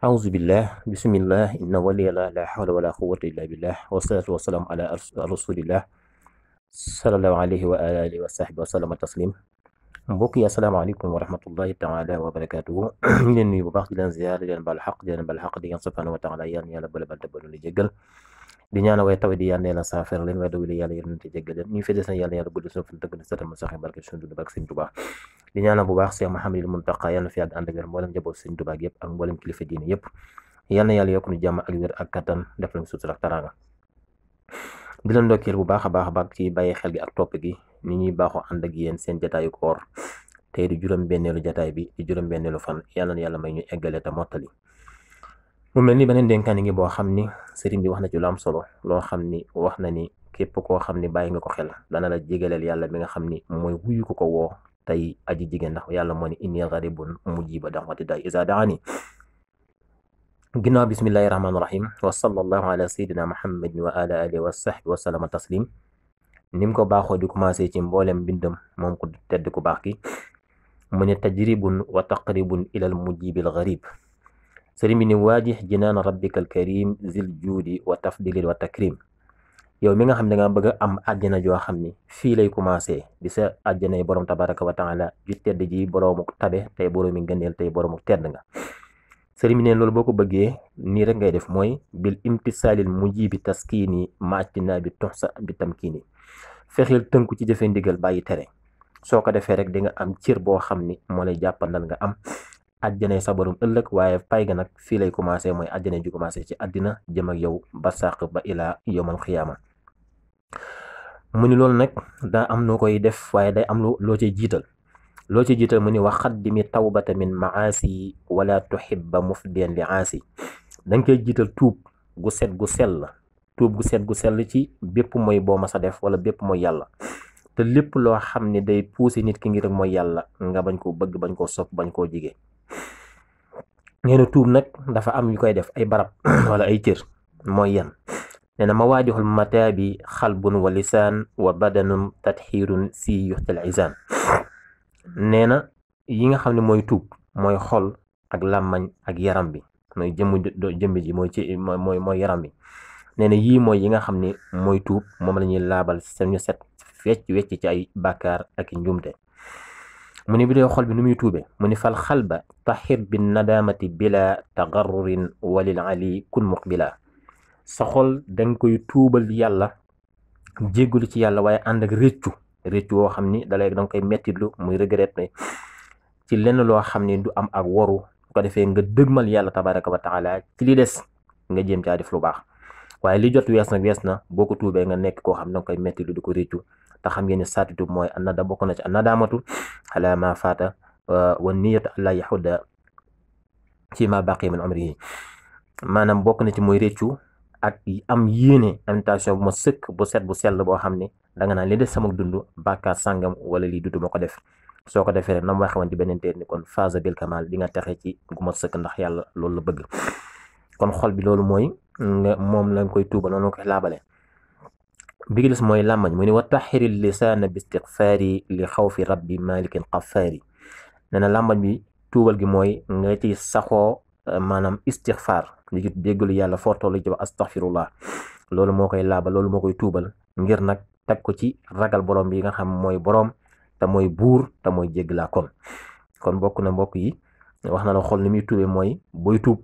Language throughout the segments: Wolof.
aousubillah bisimillah inna waliyallah la hawla wala quwwata illa billah wasalatu wasalaamu ala rasulillah salallahu alayhi wa alihi wa sahbi wa sallama taslim mbokk yi asalaamaaleykum wa rahmatullahi taala wa barakatuhu ñu leen nuyu bu baax di leen ziyaar di leen baal xaq di leen baal xaq di ngeen subhanahu wa taala yéen yàlla bala bal te la jéggal di ñaanal way tawat yi yal na yàlla saafara leen waaye dogal yi yàlla yërëm te jéggal leen ñu fi des na yàlla yàlla gudd suñu fan dëgg na satam saxi barke suñu bu baax Cheikh Mouhamadul Mountakha yàlla fi ak wér mboolem mboolem kilifa diine yëpp yal na yàlla yokk nu jàmm ak wér ak kattan def lañ sutura taraanga di leen ndokkeel bu baax a baax a baax ci bàyyi xel gi ak topp gi ni ñuy baaxoo ànd ak seen jataayu koor tey di juróom benneelu jataay bi di juróom benneelu fan yàlla na yàlla may ñu eggale te mottali mu mel ni beneen dénkaani ngi boo xam ni sëriñ bi wax na ci am solo loo xam ni wax na ni képp koo xam ni bàyyi nga ko xel dana la jégaleel yàlla bi nga xam ni mooy wuyu ko ko woo tey aji jigéen ndax yàlla moo ni inni garibun mujiba da'wati da'i iza da'ani ginnaaw bismillahi rahmaani rahim wa sallallahu ala sayyidina muhammadin wa ala alihi wa sahbihi wa sallama taslim nim ko baaxoo di commencé ci mboolem bindam moom ku tedd ku baax ki mu ne tajribun wa taqribun ilal mujibil garib sëriñ bi ni waajix jinaan rabbikal karim zil juudi wa tafdilil wa takrim yow mi nga xam ne nga bëgg a am àjjana joo xam ni fii lay commencé di sa àjjana yi borom tabaraka wa taala ju tedd ji boroomu tabe tey boroomi ngëneel tey boroomu tedd nga sëriñ bi neen loolu boo ko bëggee nii rek ngay def mooy bil imtisaalil mujibi taskiini maatina bi bitam kii tamkiini fexeel tënku ci jëfe ndigal bàyyi tere soo ko defee rek di nga am cir boo xam ni moo lay jàppandal nga am àjjana sa borom ëllëg waaye pay ga nag fii lay commencé mooy àjjana ju commencé ci àddina jëm ak yow ba sàq ba ilaa yowmal xiyaama mu ni loolu nag daa am noo koy def waaye day am loo ci jiital loo ci jiital mu ni wa xaddimi tawbata min maasi wala tuhibba mufdiyan li aasi danga koy jiital tuub gu set gu la tuub gu set gu sell ci bépp mooy boo mas a def wala bépp mooy yàlla te lépp loo xam ne day pousser nit ki ngi rek mooy yàlla nga bañ koo bëgg bañ koo sopp bañ koo jige nee na tuub nag dafa am yu koy def ay barab wala ay cër mooy yan nee na mawaadixul mataabi xalbun wa lisaan wa badanum tatxiirun si yuxtal isaan nee na yi nga xam ne mooy tuub mooy xol ak làmmañ ak yaram bi mooy jëmm jëmm ji mooy ci mooy yaram bi nee na yii mooy yi nga xam ni mooy tuub moom la ñuy laabal seen ñu set fecc wecc ci ay bàkkaar ak njumte mu ni bi dee xol bi nu muy tuube mu ni fal xalba taxir bi nadaamati bila tagarrurin walil ali kun muqbila sa xol danga koy tuubal yàlla jéggalu ci yàlla waaye ànd ak réccu réccu woo xam ni dalay danga koy mettitlu muy regret ci lenn loo xam ni du am ak waru bu ko defee nga dëgmal yàlla tabaraka wa taala ci li des nga jéem caa def lu baax waaye li jot wees na wees na boo ko tuubee nga nekk koo xam ne koy metti lu di ko réccu tax xam ngeen ne saatitub mooy annada bokk na ci annadaamatu ala ma faata wa niyatu alla yaxuda ci ma baqi min maanaam bokk na ci mooy réccu ak am yéene intention bu ma sëkk bu set bu sell boo xam ne danga naan li des sama dund bàkkaar sàngam wala lii dudu ma ko def soo ko defee rek na ma waxe woon ci beneen teer ni kon fas bil kamal di nga texe ci gu ma sëkk ndax yàlla loolu la bëgg kon xol bi loolu mooy nga moom lañ koy tuubal noonu koy laabale bi ci des mooy làmmañ mu ne wa taxiri lisaana bi istiqfaari li xawfi rabbi malikin qafaari nee na làmmañ bi tuubal gi mooy nga euh, ci saxoo maanaam istiqfaar li ci déggalu yàlla fortoo lu ci wax astaxfirullah loolu moo koy laabal loolu moo koy tuubal ngir nag teg ko ci ragal borom bi nga xam mooy boroom te mooy buur te mooy jégg kon kon bokk na mbokk yi wax na la xol ni muy tuube mooy booy tuub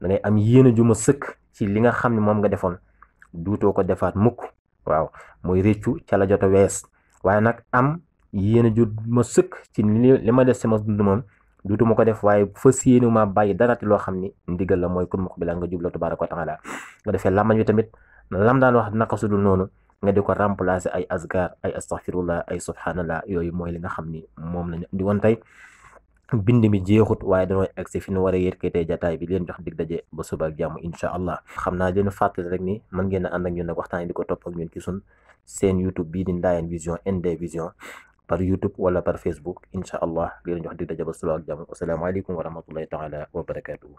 da ngay am yéene ju ma sëkk ci li nga xam ne moom nga defoon duutoo ko defaat mukk waaw mooy réccu ca la jot a wees waaye nag am yéene ju ma sëkk ci li ma def sama dund moom duutuma ko def waaye fas yéene ma bàyyi dara ci loo xam ni ndigal la mooy kun mukk bi la nga jubla tabaaraka wa taala nga defee làmmañ wi tamit lam daan wax naka dul noonu nga di ko remplacer ay asgar ay astaghfirullah ay subhanallah yooyu mooy li nga xam ni moom lañu di woon tey bind mi jeexut waaye dañoo egsi fi ñu war a jataay bi leen jox dig daje ba suba ak jàmm incha allah xam naa leen fàttali rek ni mën ngeen a ak ñun nag waxtaan di ko topp ak ñun ci sun seen youtube bii di Ndayane Vision ND Vision par youtube wala par facebook incha allah leen jox dig daje ba suba ak jàmm asalaamaaleykum wa rahmatullahi taala wa barakatuhu